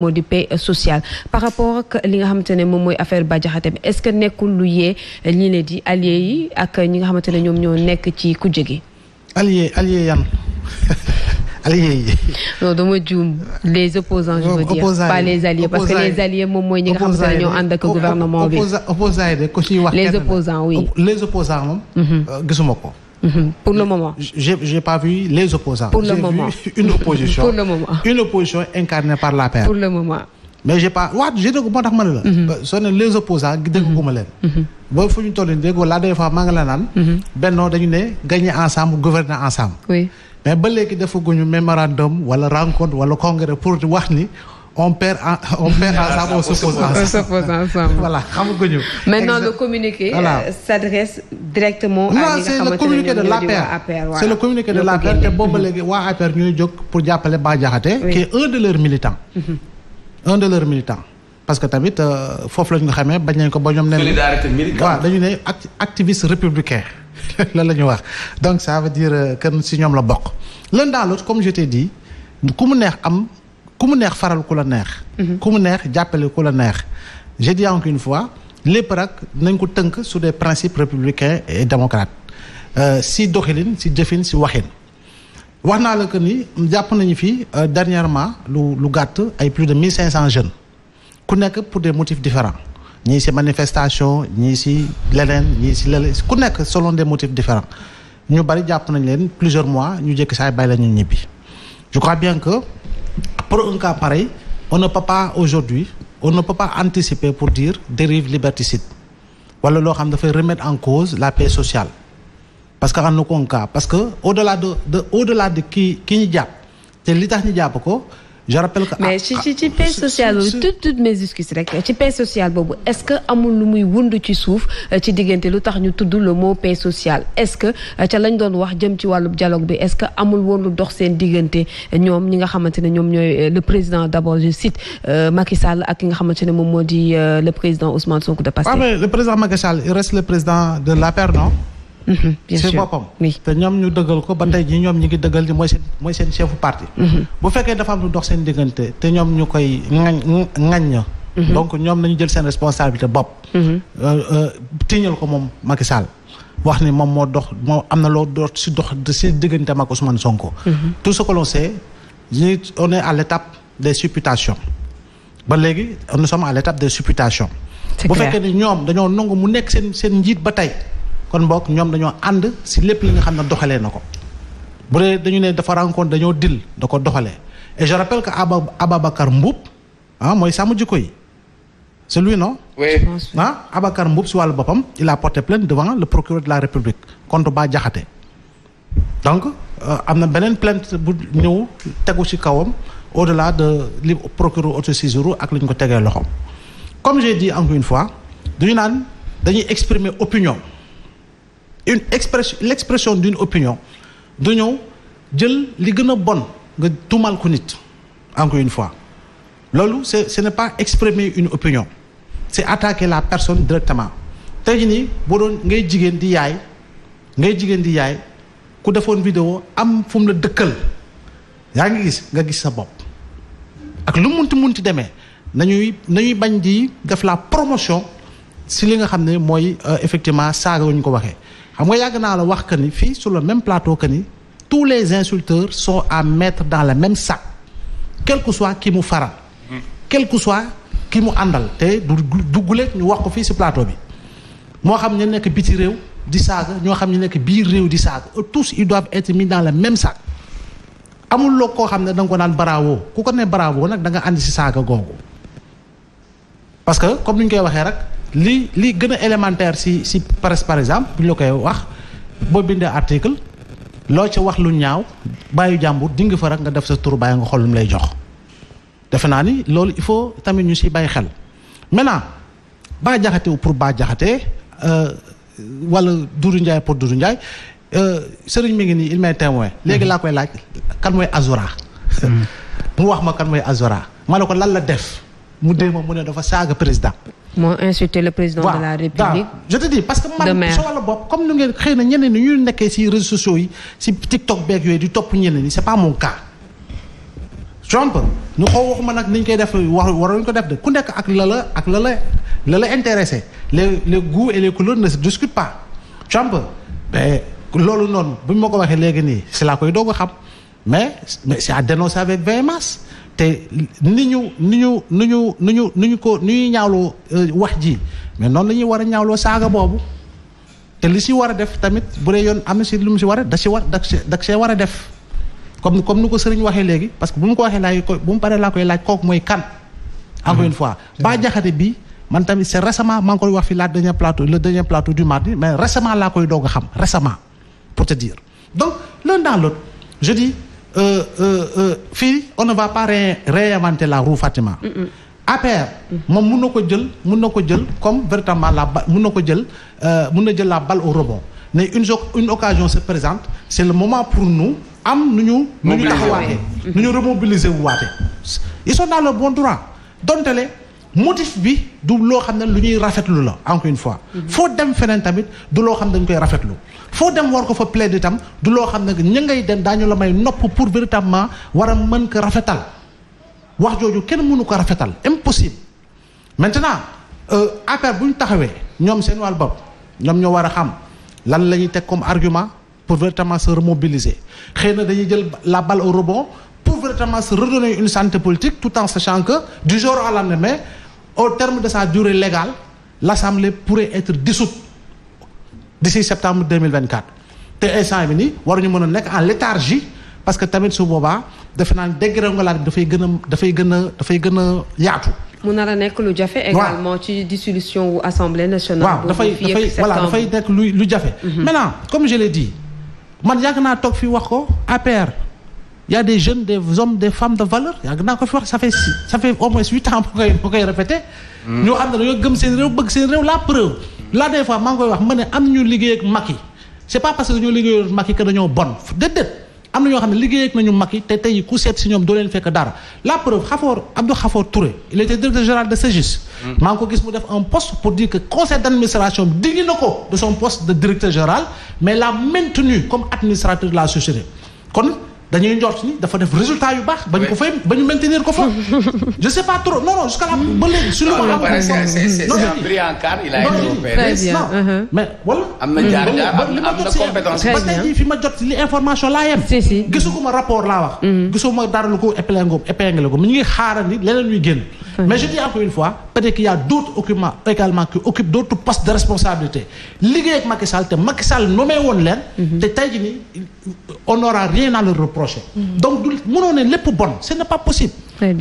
moo di paix sociale par rapport ak li nga xamante ne moom mooy affaire Bah Diakhaté bi est-ce que nekkul lu yee ñi ne di alliés yi ak ñi nga xamante ne ñoom ñoo nekk ci kujje gi. alliés alliés yan alliés yi. non dama juum les opposants je veux pas les alliés moom mooy ñi nga xamante ne ñoo ànd ak gouvernement bi. opposants yi de ko ciy wax. les opposants oui les opposants moom. Mhm. Euh, gisuma ko. Mhm. pour le moment. J'ai pas vu les opposants. une opposition. Une opposition incarnée par la paix. mais j'ai pas waaw j'ai dégg moo tax ma ne la. Mhm. soo ne les opposants déggu ma leen. Mhm. ba fu ñu toll nii déggoo laa des fois maa ngi la naan. bennoo dañu ne gagner ensemble gouverner ensemble. mais ba léegi defaguñu mémorandum wala rencontre wala congrès pour wax ni. on perd on perd ensemble, on se pose ensemble. on se pose ensemble. voilà xamaguñu. maintenant le communiqué. voilà euh, s'adresse directement. à ñi nga xamante ne c'est le de l'APR. c'est le communiqué de l'APR te boobu léegi waa APR ñuy jóg pour jàppale Bah Diakhaté. qui un de leurs militants. Mhm. un de leurs militants. parce que tamit euh, foofu la ñu xamee bañ nañ ko ba ñoom. nee solidarité militante waaw dañu ne activiste républicain la ñu wax donc ça veut dire euh, que si ñoom la bokk. l'un dans l'autre comme je t'ai dit ku mu neex am. ku mu neex faral ku la neex. Mhm. ku mu neex jàppale ku la neex. je en encore une fois lépp rek nañ ko tënk sur des principes républicains et démocrates euh, si doxalin si jëfin si waxin. wax naa la que ni jàpp nañu fi euh, dernièrement lu lu gàtt ay plus de mille cinq cent jeunes ku nekk pour des motifs différents ñii si manifestation ñii si leneen ñii si leneen ku nekk selon des motifs différents ñu bari jàpp nañ leen plusieurs mois ñu jékki saay bàyyi la ñu ñibbi je crois bien que. pour un cas pareil on ne peut aujourd'hui on ne peut pas anticiper pour dire dérive liberticide wala loo xam dafay remettre en cause la paix sociale parce que xam na ko un parce que au delà de de au delà de kii ki ñu jàpp te li tax ñu jàpp ko je rappelle que. mais ci ci ci paix sociale boobu tout toutes mes excuses rek ci paix sociale boobu est ce que amul lu muy wund ci suuf euh, ci diggante lu tax ñu tudd le mot paix sociale est ce que euh, ca lañ doon wax jëm ci wàllu dialogue bi est ce que amul woon lu dox seen diggante euh, ñoom ñi nga xamante ne ñoom ñooy le président d' abord je cite Macky Sall ak ki nga xamante ne moom moo di le président Ousmane Sonko de Pastef. waaw ah, mais le président Macky Sall il reste le président de l'APR non. Mhm, bien sûr si boppam. te ñoom ñu dëggal ko ba tey jii ñoom ñi ngi dëggal ni mooy seen mooy seen chefu parti. Mhm. bu fekkee dafa am lu dox seen diggante te ñoom ñu koy ŋañ ŋañña. Mhm. donc ñoom nañu jël seen responsabilité bopp. Euh, euh, tiñal ko moom Macky Sall. wax ni moom moo dox moom am na loo dox si dox si diggante ak Ousmane Sonko. tout ce que l'on sait ñu on est à l'étape des supputations ba léegi nous sommes à l'étape des supputations. bu fekkee ni ñoom dañoo nangu mu nekk seen seen njiit ba tey. kon mbokk ñoom dañoo ànd si lépp li nga xam ne doxalee na ko bu dee dañu ne dafa rencontre dañoo dil da ko doxalee et je rappelle que Aba Mbuub ah, mooy sàmm jikko yi c'est lui non. oui ah Mbuub si wàllu boppam il a porté plainte devant le procureur de la République contre Bah Diakhaté donc euh, am na beneen plainte bu ñëw tegu ci kawam au delà de li procureur autosaisir ak li ko tegee loxoom comme j'ai dit une fois duñu naan dañuy exprimer opinion. une expression l'expression d'une opinion du ñëw jël li gën a bon nga tuumal ko nit encore une fois loolu c'est ce n'est pas exprimer une opinion c'est attaquer la personne directement tey jii nii boo doon ngay jigéen di yaay ngay jigéen di yaay ku defoon vidéo am fu la dëkkal yaa ngi gis nga gis sa bopp ak lu munti munti demee nañuy nañuy bañ di def la promotion si li nga xam ne mooy euh, effectivement saaga wu ñu ko waxee xam nga yàgg naa la wax que ni fii sur le même plateau que ni tous les insulteurs son à mettre dans le même sac quel que soit ki mu faral quel que soit ki mu àndal te du dugguleeg ñu wax ko fii si plateau bi moo xam ne nekk biti réew di saaga ñoo xam ne nekk biir réew di saaga tous ils doivent être mis dans le même sac amul loo koo xam ne danga ko daan bravo ku ko ne bravo nag da nga àndi si saaga googu parce que comme ni ñu koy waxee rek li lii gën a élémentaire si si presse par exemple bu ñu la koy wax boo bindee article loo ci wax lu ñaaw bàyyi jàmbur dinga fa rek nga def sa tur bàyyi nga xool lu mu lay jox defe naa ni loolu il faut tamit ñu si bàyyi xel maintenant Bah Diakhaté pour Bah Diakhaté euh, wala Doudou Ndiaye pour Doudou Ndiaye euh, sëriñ mi ngi nii il may témoin léegi laa koy laaj kan mooy Azura mu hmm. wax ma kan mooy Azura ma ne ko lan la def mu déema mu ne dafa saaga président. moo insulté le président de la république. je te dis parce que man sa wàllu bopp comme nu ngeen xëy na ñeneen ñi ñu nekkee ci réseaux sociaux yi ci TikTok beeg yooyu di topp ñeneen ñi c'est pas mon Trump ñu xaw waxuma nag niñ koy def wax waruñ ko def de ku nekk ak la la ak lala la la la intéressé les les goûts et les couleurs ne se discutent pas Trump mais loolu noonu bu ñu ma ko waxee léegi nii si laa koy doog a xam mais mais c'est à dénoncer avec véhémence te ni ñu ni ñu ni ñu ni ñu ni ñu ko ni ñuy ñaawloo euh, wax ji mais noonu la ñuy war a ñaawloo saaga boobu te li si war a def tamit bu dee yoon am na si lu mu si war a da si war da da see war a def comme comme ni ko sëriñ waxee léegi parce que bu mu ko waxee laay ko bu mu paree laa koy laaj kooku mooy kan. encore mm-hmm. une fois Bah Diakhaté bi man tamit c'est récemment maa ngi koy wax fi la dernier plateau le dernier plateau du mardi mais récemment laa koy doog a xam récemment pour te dire donc l'un dans l'autre je dis. Euh, euh, euh, fii on ne va pas ré réinventer la roue Fatima. Mm, mm. APR moom mun na ko jël mun na ko jël comme véritablement la ba mun na ko jël mun na jël la balle au rebond ne une une occasion se présente c'est le moment pour nous am nu ñu. nu ñu taxawaatee nu ñu remobiliser wu waatee. ils sont dans le bon droit dontele. motif bi du loo xam ne lu ñuy rafetlu la encore une fois. Mhm. foo dem feneen tamit du loo xam ne dañ koy rafetlu foo dem war ko fa plaider tam du loo xam ne ña ngay dem daañu la may nopp pour véritablement war a mën ko rafetal wax jooju kenn mënu ko rafetal impossible. maintenant euh, affaire bu ñu taxawee ñoom seen wàll bopp ñoom ñoo war a xam lan la ñuy teg comme argument pour véritablement se remobiliser xëy na dañuy jël la balle au rebond pour véritablement se redonner une santé politique tout au terme de sa durée légale l'assemblée pour être dissoute d'ici septembre 2024 te instant bi nii waruñu mën a nekk en léthargie parce que tamit su boobaa defe naa dégringolade bi dafay gën a dafay gën a dafay gën a yaatu. mu nar a nekk lu jafe. également ci dissolution wu assemblée nationale. bu dafay dafay voilà dafay nekk lu jafe. Mhm. maintenant comme je l'ai dit man yàgg naa toog fii wax ko APR. y a des jeunes des hommes des femmes de valeur yàgg naa ko fi wax ça fait si ça au moins huit ans ma koy ma koy répété. ñoo xam ne dañoo gëm seen réew bëgg seen réew la preuve. la des fois maa ngi koy wax ma ne am ñu liggéey ak Macky c' est pas parce que dañoo liggéey ak Macky que dañoo bon déedéet te tey ku seet si ñoom doo leen fekk dara la preuve Khafor Abdou Khafor Touré il était directeur général de Ségis. Hmm. maa ngi ko gis mu def un poste pour dire que conseil d' administration digg na ko de son poste de directeur général mais l'a maintenu comme la société dañuy njort ni dafa def résultat yu baax. ba ñu ko fay ba ñu maintenir ko fa. je sais pas trop non non jusqu'à la ba léegi. sur am na jaar na compétence fi ma jot li information laa yem. si si gisuguma rapport laa wax. Mm-hmm. gisuma dara lu ko épinglé ko épinglé ko mi ngi xaarandi leneen luy génn. Mais je dis encore une fois, peut-être qu'il y a d'autres occupants également qui occupent d'autres postes de responsabilité. Liggéey ak Macky Sall te Macky Sall woon leen. Mhm. te tey jii nii on n'aura rien à leur reprocher. Mhm. donc du mënoo ne lépp bon ce n'est pas possible.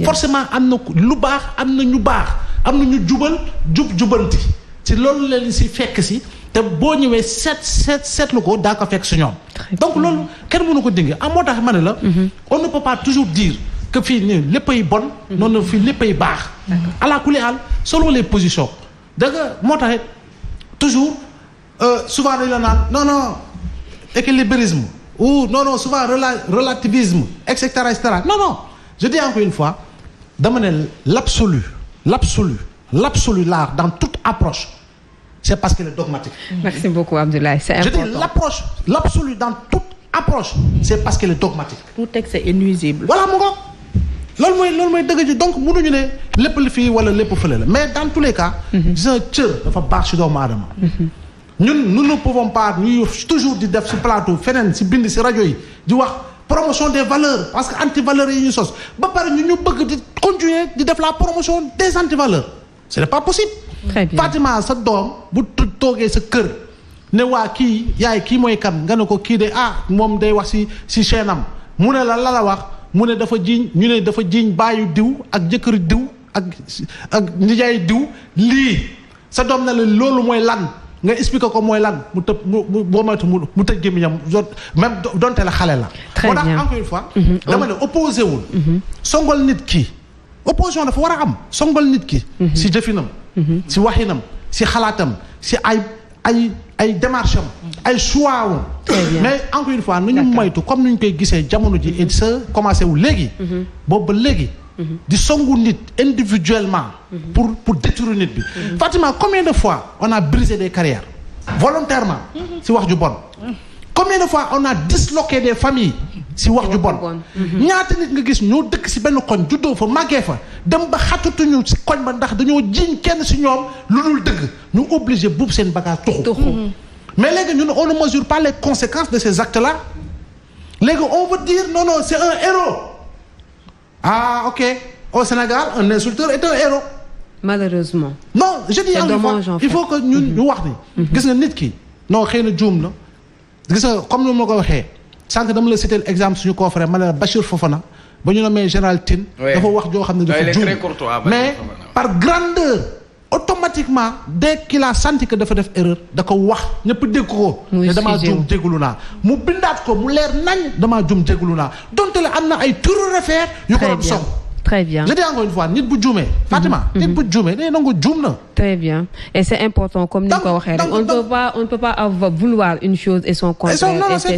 forcément am na lu baax am na ñu baax am na ñu jubal jub jubanti ci loolu leen si fekk si. te boo ñëwee seet seet seetlu ko daa ko fekk si ñoom. donc loolu kenn mënu ko dingi am ah, moo tax ma ne la. Mhm. on ne peut pas toujours que fii nii léppay bon. Mhm. noonu fii léppay baax. ala kulli àll selon les positions. da nga moo tax toujours euh, souvent dañu la naan non non équilibrisme ou non non souvent relativisme et cetera et cetera non je dis encore une fois dama ne l'absolu l'absolu l'absolu l'art dans toute approche c'est parce qu'elle est dogmatique. Mhm. merci beaucoup Abdoulaye c'est important je dis l'approche l'absolu dans toute approche c'est parce qu'elle est dogmatique. tout texte est nuisible. voilà mu ngoog. loolu mooy loolu mooy dëgg ji donc mënuñu ne lépp li fii wala lépp fële la mais dans tous les cas. gis mhm. nga cër dafa baax si doomu aadama. Mhm. ñun nous ne pouvons pas ñuy toujours di def si plateau feneen si bind si rajo yi di wax promotion des valeurs parce que anti valeurs yi ñu sos ba pare ñu ñu bëgg di continuer di def la promotion des anti valeurs ce n'est pas possible. très sa doom bu toogee sa kër ne waa kii yaay kii mooy kan nga ne ko kii de ah moom day wax si si chaîne mu ne la la la wax. mu ne dafa jiiñ ñu ne dafa jiiñ baayu diw ak jëkkër diw ak ak nijaay diw lii sa doom na la loolu mooy lan nga expliqué ko mooy lan mu tëb mu mu boo moytu mu mu tëj gémmiñam même donte la xale la. très bien moo une fois. Mhm. dama ne opposé wul. Mhm. songal nit ki. opposition dafa war a am songal nit ki. Mhm. si jëfinam. si waxinam si xalaatam si ay ay. ay démarches mm. ay choix am mais encore une fois nu ñu moytu comme nu ñu koy gisee jamono ji et ça commencé wu léegi mm-hmm. boobu ba léegi mm-hmm. di songu nit individuellement mm-hmm. pour pour détruire nit bi Fatima combien de fois on a brisé des carrières volontairement si wax ju bon combien de fois on a disloqué des familles si wax ju bon mm-hmm. ñaata nit nga gis ñoo dëkk si benn koñ juddoo fa màggee fa dem ba xatatuñu si koñ ba ndax dañoo jiiñ kenn si ñoom lu dul dëgg ñu obligé buub seen bagage tuxu mm-hmm. mais léegi ñun on ne mesure pas les conséquences de ces actes là léegi on veut dire non non c'est un héros ah ok au Sénégal un insulteur est un héros malheureusement non je dis encore une fois il faut que ñun ñu wax ni mm-hmm. gis nga nit ki non xëy na juum la comme ni ma ko waxee sànq dama la cité exemple suñu confrère ma ne la Bachir Fofana ba ñu général Tine. dafa wax joo xam ne dafa juum mais par grandeur automatiquement dès qu'il a senti que dafa def erreur da wax ñëpp dégg ko. mu bindaat ko mu leer nañ damaa juum jégalu naa donte la am na ay turu réfère yu ko song. nit bu juumee. Mhm. Fatima mhm. nit bu juumee day nangu juum na. très bien et c'est important comme ni ko waxee rek